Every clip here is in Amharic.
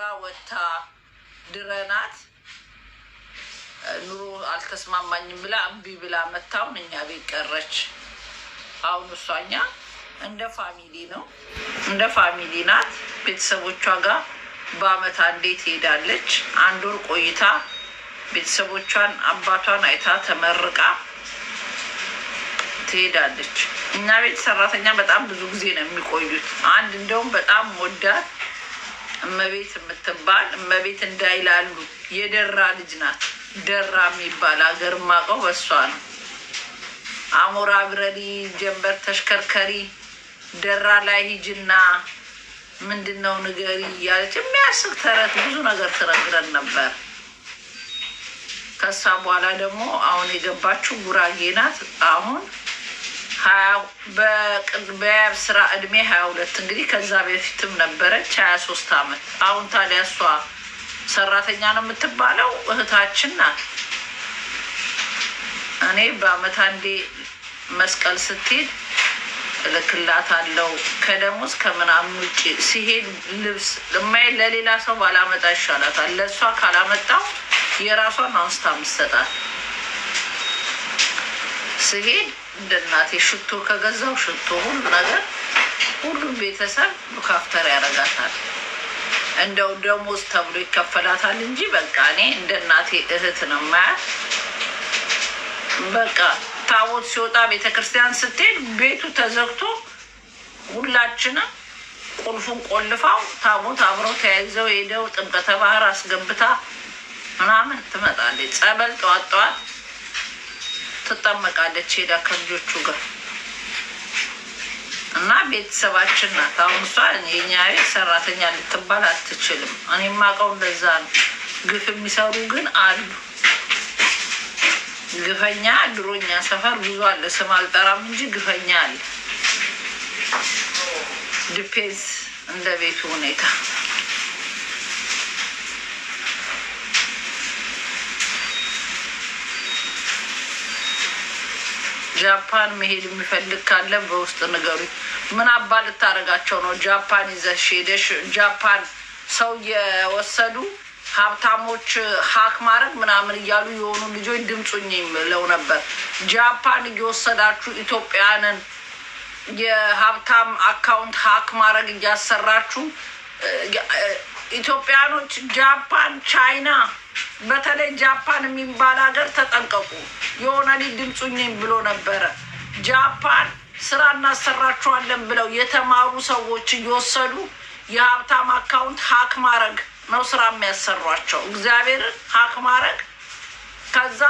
ተናግራ ወታ ድረናት ኑሮ አልተስማማኝም ብላ እምቢ ብላ መታውን እኛ ቤት ቀረች። አሁን እሷኛ እንደ ፋሚሊ ነው እንደ ፋሚሊ ናት። ቤተሰቦቿ ጋር በአመት አንዴ ትሄዳለች። አንድ ወር ቆይታ ቤተሰቦቿን አባቷን አይታ ተመርቃ ትሄዳለች። እኛ ቤት ሰራተኛ በጣም ብዙ ጊዜ ነው የሚቆዩት። አንድ እንደውም በጣም ወዳት እመቤት የምትባል እመቤት እንዳይላሉ የደራ ልጅ ናት። ደራ የሚባል አገር ማቀው በሷ ነው። አሞራ አብረሪ፣ ጀንበር ተሽከርከሪ፣ ደራ ላይ ሂጅና ምንድን ነው ንገሪ እያለች የሚያስቅ ተረት ብዙ ነገር ትነግረን ነበር። ከሳ በኋላ ደግሞ አሁን የገባችው ጉራጌ ናት አሁን በስራ እድሜ ሀያ ሁለት እንግዲህ ከዛ በፊትም ነበረች ሀያ ሶስት አመት አሁን ታዲያ እሷ ሰራተኛ ነው የምትባለው እህታችን ናት። እኔ በአመት አንዴ መስቀል ስትሄድ አለው ከደሞዝ ከምናምን ውጭ ሲሄድ ልብስ ለማይ ለሌላ ሰው ባላመጣ ይሻላታል። ለእሷ ካላመጣው የራሷን አንስታ ምሰጣል ስሄድ እንደ እናቴ ሽቶ ከገዛው ሽቶ ሁሉ ነገር ሁሉም ቤተሰብ ሉካፍተር ያደርጋታል። እንደው ደሞዝ ተብሎ ይከፈላታል እንጂ በቃ እኔ እንደ እናቴ እህት ነው የማያት። በቃ ታቦት ሲወጣ ቤተ ክርስቲያን ስትሄድ ቤቱ ተዘግቶ ሁላችንም ቁልፉን ቆልፋው ታቦት አብረው ተያይዘው ሄደው ጥምቀተ ባህር አስገብታ ምናምን ትመጣለች። ጸበል ጠዋት ጠዋት ትጠመቃለች ሄዳ ከልጆቹ ጋር እና ቤተሰባችን ናት። አሁን እሷ የኛ ቤት ሰራተኛ ልትባል አትችልም። እኔ ማቀው እንደዛ ነው። ግፍ የሚሰሩ ግን አሉ። ግፈኛ ድሮኛ ሰፈር ብዙ አለ። ስም አልጠራም እንጂ ግፈኛ አለ። ዲፔንስ እንደ ቤቱ ሁኔታ ጃፓን መሄድ የሚፈልግ ካለ በውስጥ ንገሩ። ምን አባ ልታደርጋቸው ነው? ጃፓን ይዘሽ ሄደሽ ጃፓን ሰው የወሰዱ ሀብታሞች ሀክ ማድረግ ምናምን እያሉ የሆኑ ልጆች ድምፁኝ የሚለው ነበር። ጃፓን እየወሰዳችሁ ኢትዮጵያንን የሀብታም አካውንት ሀክ ማድረግ እያሰራችሁ ኢትዮጵያኖች ጃፓን፣ ቻይና በተለይ ጃፓን የሚባል ሀገር ተጠንቀቁ። የሆነ ልጅ ድምፁኝም ብሎ ነበረ። ጃፓን ስራ እናሰራችኋለን ብለው የተማሩ ሰዎች እየወሰዱ የሀብታም አካውንት ሀክ ማድረግ ነው ስራ የሚያሰሯቸው። እግዚአብሔርን ሀክ ማድረግ ከዛ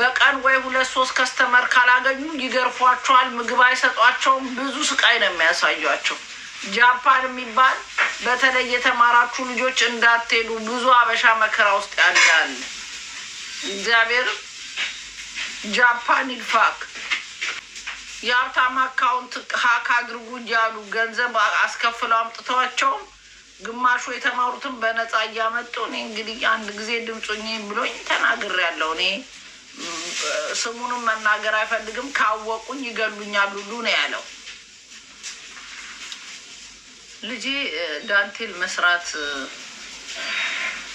በቀን ወይ ሁለት ሶስት ከስተመር ካላገኙ ይገርፏቸዋል። ምግብ አይሰጧቸውም። ብዙ ስቃይ ነው የሚያሳዩቸው። ጃፓን የሚባል በተለይ የተማራችሁ ልጆች እንዳትሄዱ፣ ብዙ አበሻ መከራ ውስጥ ያዳል። እግዚአብሔር ጃፓን ይልፋክ። የሀብታም አካውንት ሀክ አድርጉ እያሉ ገንዘብ አስከፍለው አምጥተዋቸውም ግማሹ የተማሩትን በነፃ እያመጡ እኔ እንግዲህ አንድ ጊዜ ድምፁኝ ብሎኝ ተናግር ያለው እኔ ስሙንም መናገር አይፈልግም ካወቁኝ ይገሉኛል ሁሉ ነው ያለው። ልጅ ዳንቴል መስራት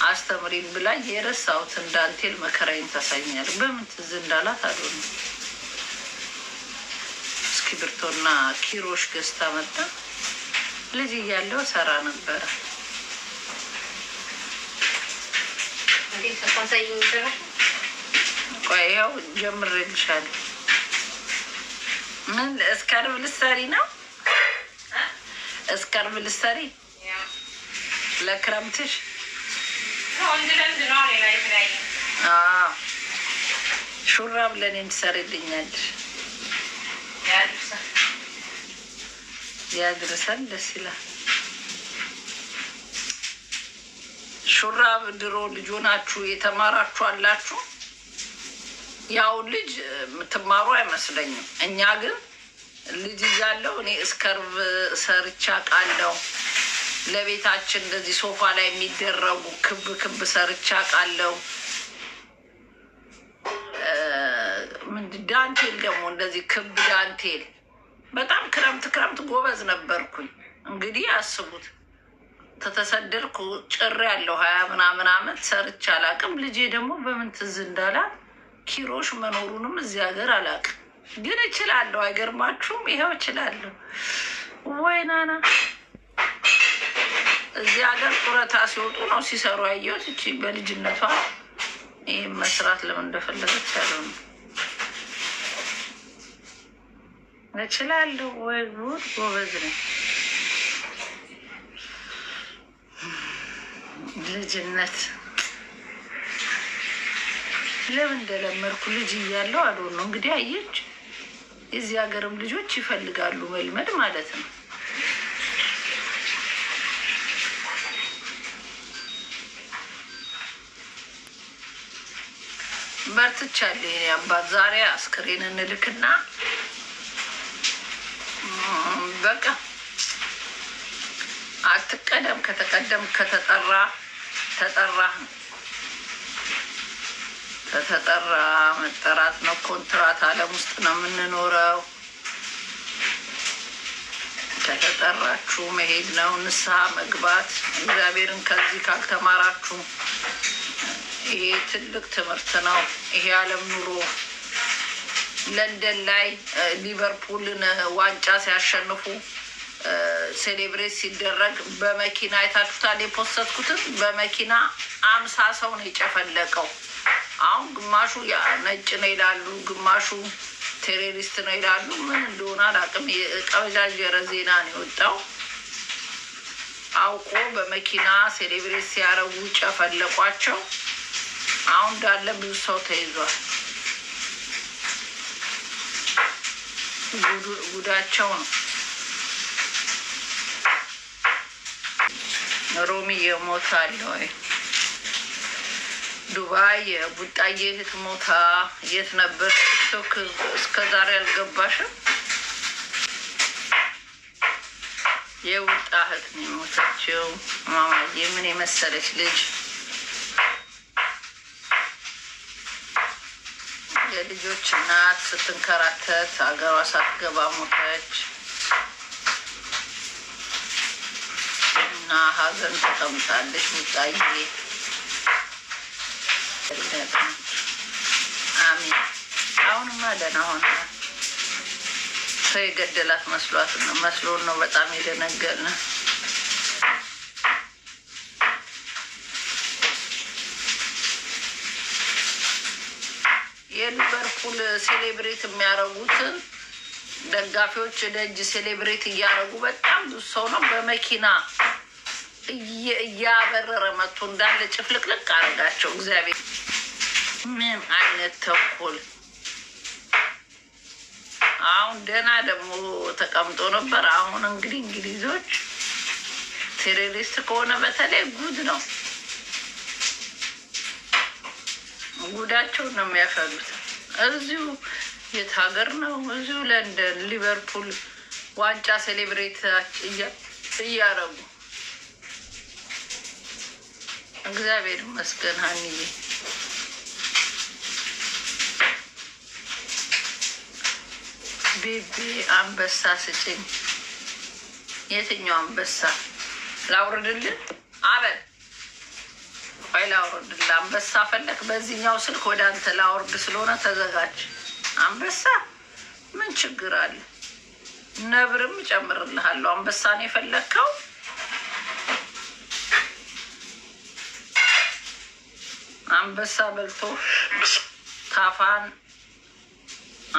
አስተምሪን ብላ የረሳሁትን ዳንቴል መከራይን ታሳኛል። በምን ትዝ እንዳላት አሉ እስክሪብቶና ኪሮሽ ገዝታ መጣ። ልጅ እያለው ሰራ ነበረ። ቆይ ያው ጀምሬልሻለሁ። ምን እስከ ልትሰሪ ነው? እስከርብ ልሰሪ ለክረምትሽ ሹራብ ለእኔም ትሰሪልኛለሽ። ያድርሰን። ደስ ይላል። ሹራብ ድሮ ልጆ ናችሁ የተማራችሁ አላችሁ። ያው ልጅ የምትማሩ አይመስለኝም። እኛ ግን ልጅ እያለሁ እኔ እስከርብ ሰርቻ ቃለው ለቤታችን እንደዚህ ሶፋ ላይ የሚደረጉ ክብ ክብ ሰርቻ ቃለው። ዳንቴል ደግሞ እንደዚህ ክብ ዳንቴል በጣም ክረምት ክረምት ጎበዝ ነበርኩኝ። እንግዲህ አስቡት ተተሰደድኩ ጭር ያለው ሀያ ምናምን አመት ሰርቻ አላቅም። ልጄ ደግሞ በምን ትዝ እንዳላት ኪሮሽ መኖሩንም እዚህ ሀገር አላቅም። ግን እችላለሁ። አይገርማችሁም? ይኸው እችላለሁ። ወይናና እዚህ ሀገር ጡረታ ሲወጡ ነው ሲሰሩ ያየሁት። እቺ በልጅነቷ ይህ መስራት ለምን እንደፈለገች ያለው ነው። እችላለሁ። ወይ ጉድ! ጎበዝ ነኝ። ልጅነት ለምን እንደለመድኩ ልጅ እያለው አልሆነ እንግዲህ አየች የዚህ ሀገርም ልጆች ይፈልጋሉ መልመድ ማለት ነው። በርትቻለሁ የእኔ አባት። ዛሬ አስክሬን እንልክና በቃ አትቀደም ከተቀደም ከተጠራ ተጠራ ከተጠራ መጠራት ነው። ኮንትራት አለም ውስጥ ነው የምንኖረው። ከተጠራችሁ መሄድ ነው፣ ንስሐ መግባት። እግዚአብሔርን ከዚህ ካልተማራችሁ ይሄ ትልቅ ትምህርት ነው። ይሄ አለም ኑሮ ለንደን ላይ ሊቨርፑልን ዋንጫ ሲያሸንፉ ሴሌብሬት ሲደረግ በመኪና አይታችሁታል። የፖሰትኩትን በመኪና አምሳ ሰው ነው የጨፈለቀው። አሁን ግማሹ ነጭ ነው ይላሉ፣ ግማሹ ቴሮሪስት ነው ይላሉ። ምን እንደሆነ አላውቅም። የቀበጃጀረ ዜና ነው የወጣው። አውቆ በመኪና ሴሌብሬት ሲያረጉ ጨፈለቋቸው። አሁን እንዳለ ብዙ ሰው ተይዟል። ጉዳቸው ነው። ሮሚ አለ ወይ? ዱባይ ቡጣዬ እህት ሞታ የት ነበር? ቲክቶክ እስከ ዛሬ አልገባሽም? የውጣ እህት ነው የሞተችው። ማማዬ ምን የመሰለች ልጅ የልጆች እናት ስትንከራተት አገሯ ሳትገባ ሞተች እና ሀዘን ተቀምጣለች ቡጣዬ አሚን። አሁንማ ደህና ሆነ። ሰው የገደላት መስሏት ነው መስሎን ነው በጣም የሊቨርፑል ሴሌብሬት የሚያደርጉትን ደጋፊዎች ደጅ ሴሌብሬት እያደረጉ በጣም ብዙ ሰው ነው በመኪና እያበረረ መጥቶ እንዳለ ጭፍልቅልቅ አድርጋቸው። እግዚአብሔር ምን አይነት ተኩል አሁን ደህና ደግሞ ተቀምጦ ነበር። አሁን እንግዲህ እንግሊዞች ቴሮሪስት ከሆነ በተለይ ጉድ ነው። ጉዳቸውን ነው የሚያፈሉት። እዚሁ የት ሀገር ነው? እዚሁ ለንደን፣ ሊቨርፑል ዋንጫ ሴሌብሬት እያረጉ እግዚአብሔር ይመስገን ሀኒዬ። ቤቢ አንበሳ ስጭኝ። የትኛው አንበሳ ላውርድልን? አበል ቆይ ላውርድልን። አንበሳ ፈለክ? በዚህኛው ስልክ ወደ አንተ ላውርድ ስለሆነ ተዘጋጅ። አንበሳ ምን ችግር አለ? ነብርም እጨምርልሃለሁ። አንበሳን የፈለግከው አንበሳ በልቶ ታፋን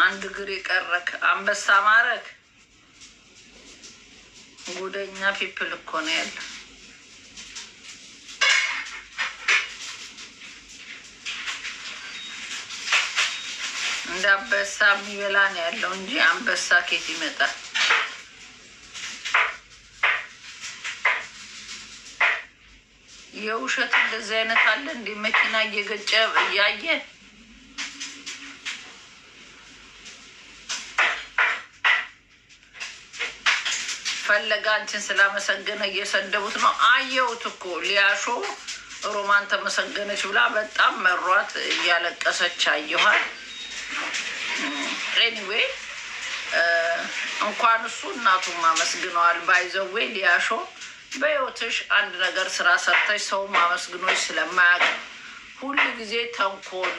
አንድ እግር የቀረክ አንበሳ ማረክ። ጉደኛ ፒፕል እኮ ነው ያለ። እንደ አንበሳ የሚበላ ነው ያለው እንጂ አንበሳ ኬት ይመጣል? የውሸት እንደዚህ አይነት አለ እንዴ? መኪና እየገጨ እያየ ፈለጋ አንቺን ስላመሰገነ እየሰደቡት ነው። አየሁት እኮ ሊያሾ ሮማን ተመሰገነች ብላ በጣም መሯት እያለቀሰች አየኋል። ኤኒዌይ እንኳን እሱ እናቱም አመስግነዋል። ባይዘዌ ሊያሾ በህይወትሽ አንድ ነገር ስራ ሰርተሽ ሰው ማመስግኖች ስለማያውቅ ሁል ጊዜ ተንኮል፣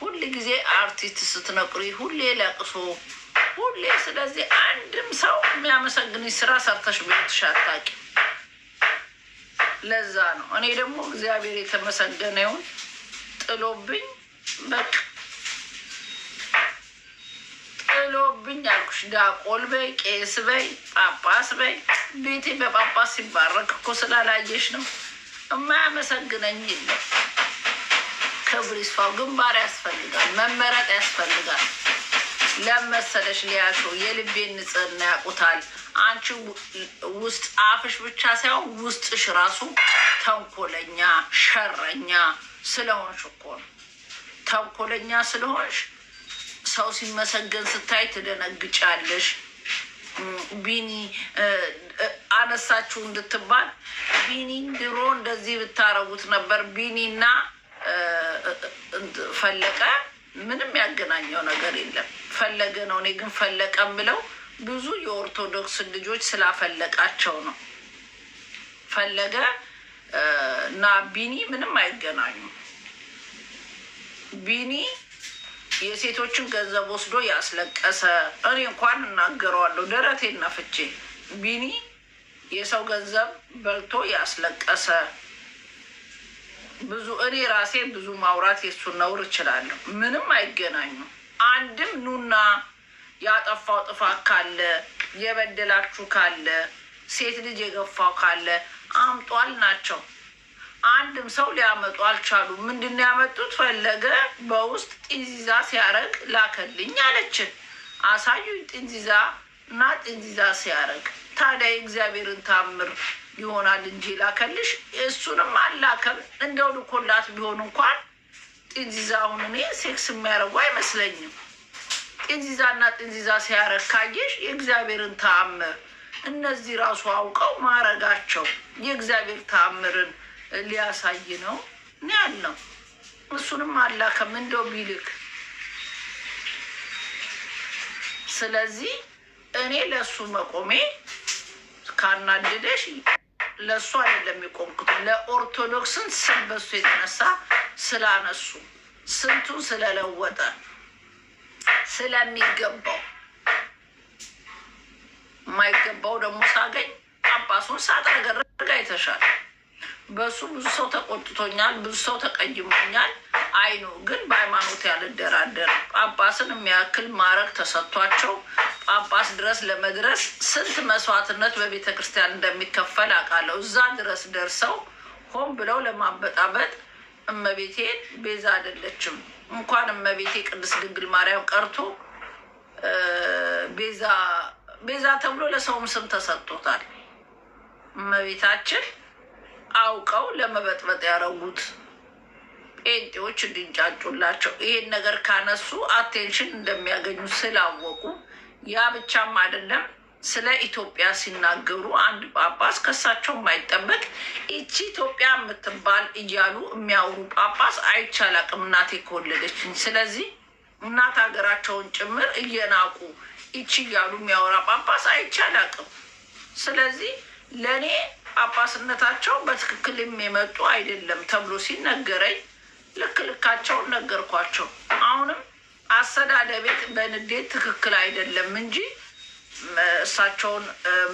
ሁል ጊዜ አርቲስት ስትነቁሪ፣ ሁሌ ለቅሶ፣ ሁሌ ስለዚህ አንድም ሰው የሚያመሰግንሽ ስራ ሰርተሽ በሕይወትሽ አታውቂም። ለዛ ነው እኔ ደግሞ እግዚአብሔር የተመሰገነውን ጥሎብኝ በቃ አለብኝ አልኩሽ። ዲያቆን በይ፣ ቄስ በይ፣ ጳጳስ በይ። ቤቴ በጳጳስ ሲባረክ እኮ ስላላየሽ ነው። የማያመሰግነኝ የለም። ክብር ይስፋው። ግንባር ያስፈልጋል፣ መመረጥ ያስፈልጋል። ለመሰለሽ ሊያሾ የልቤን ንጽህና ያውቁታል። አንቺ ውስጥ አፍሽ ብቻ ሳይሆን ውስጥሽ ራሱ ተንኮለኛ ሸረኛ ስለሆንሽ እኮ ነው። ተንኮለኛ ስለሆንሽ ሰው ሲመሰገን ስታይ ትደነግጫለሽ። ቢኒ አነሳችሁ እንድትባል ቢኒን ድሮ እንደዚህ ብታረጉት ነበር። ቢኒና ፈለቀ ምንም ያገናኘው ነገር የለም። ፈለገ ነው። እኔ ግን ፈለቀ ብለው ብዙ የኦርቶዶክስ ልጆች ስላፈለቃቸው ነው። ፈለገ እና ቢኒ ምንም አይገናኙም። ቢኒ የሴቶችን ገንዘብ ወስዶ ያስለቀሰ እኔ እንኳን እናገረዋለሁ ደረቴን ነፍቼ ቢኒ የሰው ገንዘብ በልቶ ያስለቀሰ ብዙ እኔ ራሴ ብዙ ማውራት የሱን ነውር እችላለሁ። ምንም አይገናኙ። አንድም ኑና ያጠፋው ጥፋት ካለ የበደላችሁ ካለ ሴት ልጅ የገፋው ካለ አምጧል ናቸው አንድም ሰው ሊያመጡ አልቻሉም። ምንድን ያመጡት? ፈለገ በውስጥ ጢንዚዛ ሲያረግ ላከልኝ አለችን። አሳዩኝ ጢንዚዛ እና ጢንዚዛ ሲያረግ ታዲያ የእግዚአብሔርን ታምር ይሆናል እንጂ ላከልሽ። እሱንም አላከም። እንደው ልኮላት ቢሆን እንኳን ጥንዚዛውን እኔ ሴክስ የሚያደርጉ አይመስለኝም። ጢንዚዛ እና ጢንዚዛ ሲያረግ ካየሽ የእግዚአብሔርን ታምር እነዚህ ራሱ አውቀው ማረጋቸው የእግዚአብሔር ታምርን ሊያሳይ ነው ነው ያልነው። እሱንም አላከም እንደው ቢልክ። ስለዚህ እኔ ለእሱ መቆሜ ካናደደሽ ለእሱ አይደለም የቆምኩት፣ ለኦርቶዶክስን ስም በሱ የተነሳ ስላነሱ ስንቱን ስለለወጠ ስለሚገባው የማይገባው ደግሞ ሳገኝ ጳጳሱን ሳጠረገረግ አይተሻል። በሱ ብዙ ሰው ተቆጥቶኛል፣ ብዙ ሰው ተቀይሞኛል። አይኑ ግን በሃይማኖት ያልደራደር ጳጳስን የሚያክል ማዕረግ ተሰጥቷቸው ጳጳስ ድረስ ለመድረስ ስንት መስዋዕትነት በቤተ ክርስቲያን እንደሚከፈል አውቃለሁ። እዛ ድረስ ደርሰው ሆን ብለው ለማበጣበጥ እመቤቴ ቤዛ አይደለችም። እንኳን እመቤቴ ቅድስት ድንግል ማርያም ቀርቶ ቤዛ ቤዛ ተብሎ ለሰውም ስም ተሰጥቶታል እመቤታችን አውቀው ለመበጥበጥ ያደረጉት ጴንጤዎች እንዲንጫጩላቸው ይሄን ነገር ካነሱ አቴንሽን እንደሚያገኙ ስላወቁ፣ ያ ብቻም አይደለም። ስለ ኢትዮጵያ ሲናገሩ አንድ ጳጳስ ከሳቸው የማይጠበቅ ይቺ ኢትዮጵያ የምትባል እያሉ የሚያወሩ ጳጳስ አይቻላቅም እናቴ ከወለደችኝ። ስለዚህ እናት ሀገራቸውን ጭምር እየናቁ ይቺ እያሉ የሚያወራ ጳጳስ አይቻላቅም። ስለዚህ ለእኔ ጳጳስነታቸው በትክክል የሚመጡ አይደለም ተብሎ ሲነገረኝ ልክ ልካቸውን ነገርኳቸው። አሁንም አሰዳደቤት በንዴት ትክክል አይደለም እንጂ እሳቸውን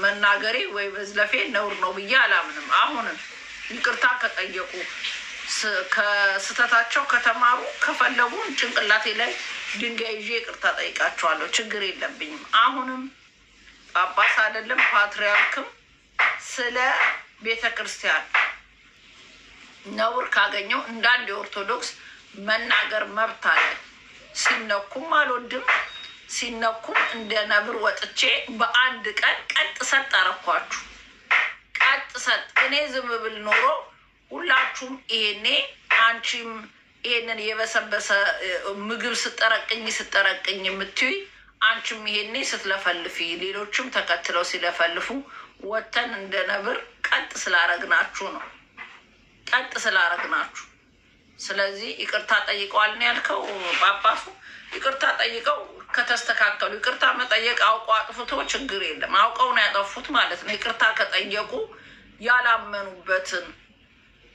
መናገሬ ወይ መዝለፌ ነውር ነው ብዬ አላምንም። አሁንም ይቅርታ ከጠየቁ ከስህተታቸው ከተማሩ ከፈለጉ ጭንቅላቴ ላይ ድንጋይ ይዤ ይቅርታ ጠይቃቸዋለሁ። ችግር የለብኝም። አሁንም ጳጳስ አይደለም ፓትሪያርክም ስለ ቤተ ክርስቲያን ነውር ካገኘው እንዳንድ የኦርቶዶክስ መናገር መብት አለ። ሲነኩም አልወድም። ሲነኩም እንደ ነብር ወጥቼ በአንድ ቀን ቀጥ ሰጥ አረኳችሁ። ቀጥ ሰጥ እኔ ዝም ብል ኖሮ ሁላችሁም ይሄኔ አንቺም ይሄንን የበሰበሰ ምግብ ስጠረቅኝ ስጠረቅኝ የምትይ አንቺም ይሄኔ ስትለፈልፊ ሌሎችም ተከትለው ሲለፈልፉ ወተን እንደ ነብር ቀጥ ስላረግናችሁ ነው። ቀጥ ስላረግናችሁ። ስለዚህ ይቅርታ ጠይቀዋል ነው ያልከው። ጳጳሱ ይቅርታ ጠይቀው ከተስተካከሉ ይቅርታ መጠየቅ አውቀው አጥፍቶ ችግር የለም። አውቀው ነው ያጠፉት ማለት ነው። ይቅርታ ከጠየቁ ያላመኑበትን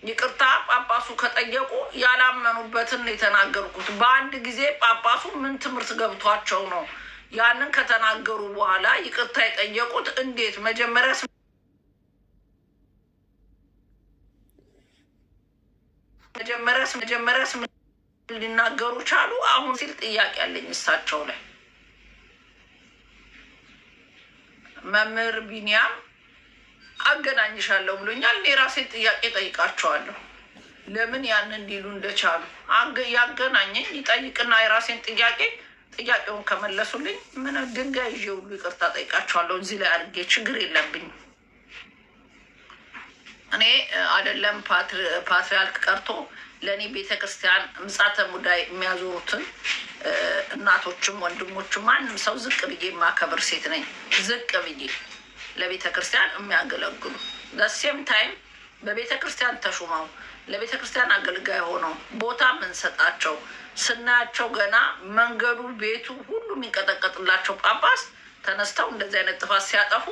ይቅርታ ጳጳሱ ከጠየቁ ያላመኑበትን የተናገርኩት በአንድ ጊዜ ጳጳሱ ምን ትምህርት ገብቷቸው ነው ያንን ከተናገሩ በኋላ ይቅርታ የጠየቁት እንዴት? መጀመሪያ መጀመሪያስ መጀመሪያስ ሊናገሩ ቻሉ? አሁን ሲል ጥያቄ ያለኝ እሳቸው ላይ መምህር ቢኒያም አገናኝሻለሁ ብሎኛል። እኔ ራሴ ጥያቄ ጠይቃቸዋለሁ ለምን ያንን እንዲሉ እንደቻሉ ያገናኘኝ ይጠይቅና የራሴን ጥያቄ ጥያቄውን ከመለሱልኝ ምን ድንጋይ ይዤ ሁሉ ይቅርታ ጠይቃቸዋለሁ። እዚህ ላይ አድርጌ ችግር የለብኝ። እኔ አይደለም ፓትሪያርክ ቀርቶ ለእኔ ቤተክርስቲያን ምጻተ ሙዳይ የሚያዞሩትን እናቶችም ወንድሞችም ማንም ሰው ዝቅ ብዬ የማከብር ሴት ነኝ። ዝቅ ብዬ ለቤተ ክርስቲያን የሚያገለግሉ ለሴም ታይም በቤተ ክርስቲያን ተሹመው ለቤተ ክርስቲያን አገልጋይ ሆነው ቦታ ምንሰጣቸው ስናያቸው ገና መንገዱ፣ ቤቱ ሁሉ የሚንቀጠቀጥላቸው ጳጳስ ተነስተው እንደዚህ አይነት ጥፋት ሲያጠፉ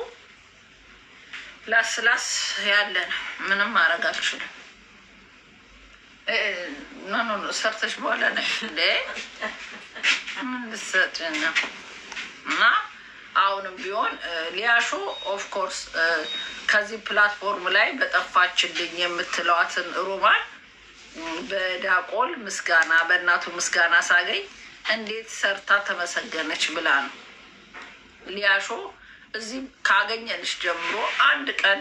ላስላስ ያለ ነው። ምንም ማድረግ አልችልም። ሰርተች በኋላ ነ ምንሰጭ ነው እና አሁንም ቢሆን ሊያሾ ኦፍኮርስ ከዚህ ፕላትፎርም ላይ በጠፋችልኝ የምትለዋትን ሩማን በዳቆል ምስጋና በእናቱ ምስጋና ሳገኝ እንዴት ሰርታ ተመሰገነች ብላ ነው። ሊያሾ እዚህ ካገኘንሽ ጀምሮ አንድ ቀን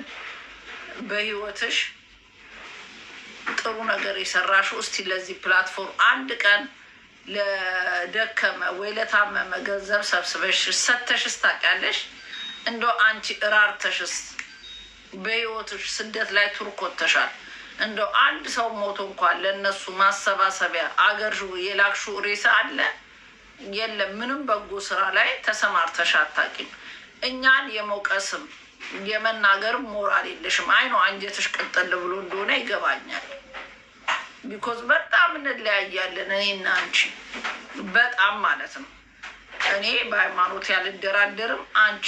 በህይወትሽ ጥሩ ነገር የሰራሽው እስቲ ለዚህ ፕላትፎርም አንድ ቀን ለደከመ ወይ ለታመመ ገንዘብ ሰብስበሽ ሰተሽስ ታውቂያለሽ? እንደው አንቺ እራርተሽስ በህይወትሽ ስደት ላይ ቱርክ እንደው አንድ ሰው ሞቶ እንኳን ለእነሱ ማሰባሰቢያ አገር የላክሹ ሬሳ አለ የለም። ምንም በጎ ስራ ላይ ተሰማርተሽ አታውቂም። እኛን የመውቀስም የመናገር ሞራል የለሽም። አይኖ አንጀትሽ ቅጥል ብሎ እንደሆነ ይገባኛል። ቢኮዝ በጣም እንለያያለን እኔ አንቺ በጣም ማለት ነው። እኔ በሃይማኖት ያልደራደርም አንቺ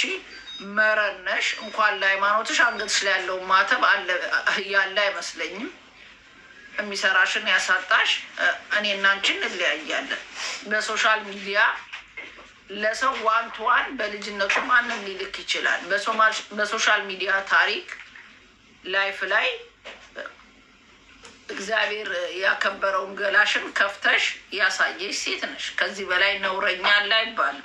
መረነሽ እንኳን ለሃይማኖትሽ አንገትሽ ላይ ያለው ማተብ ያለ አይመስለኝም። የሚሰራሽን ያሳጣሽ። እኔ እናንችን እንለያያለን። በሶሻል ሚዲያ ለሰው ዋን ዋን በልጅነቱ ማንም ሊልክ ይችላል። በሶሻል ሚዲያ ታሪክ ላይፍ ላይ እግዚአብሔር ያከበረውን ገላሽን ከፍተሽ ያሳየሽ ሴት ነሽ። ከዚህ በላይ ነውረኛ ላይ ይባል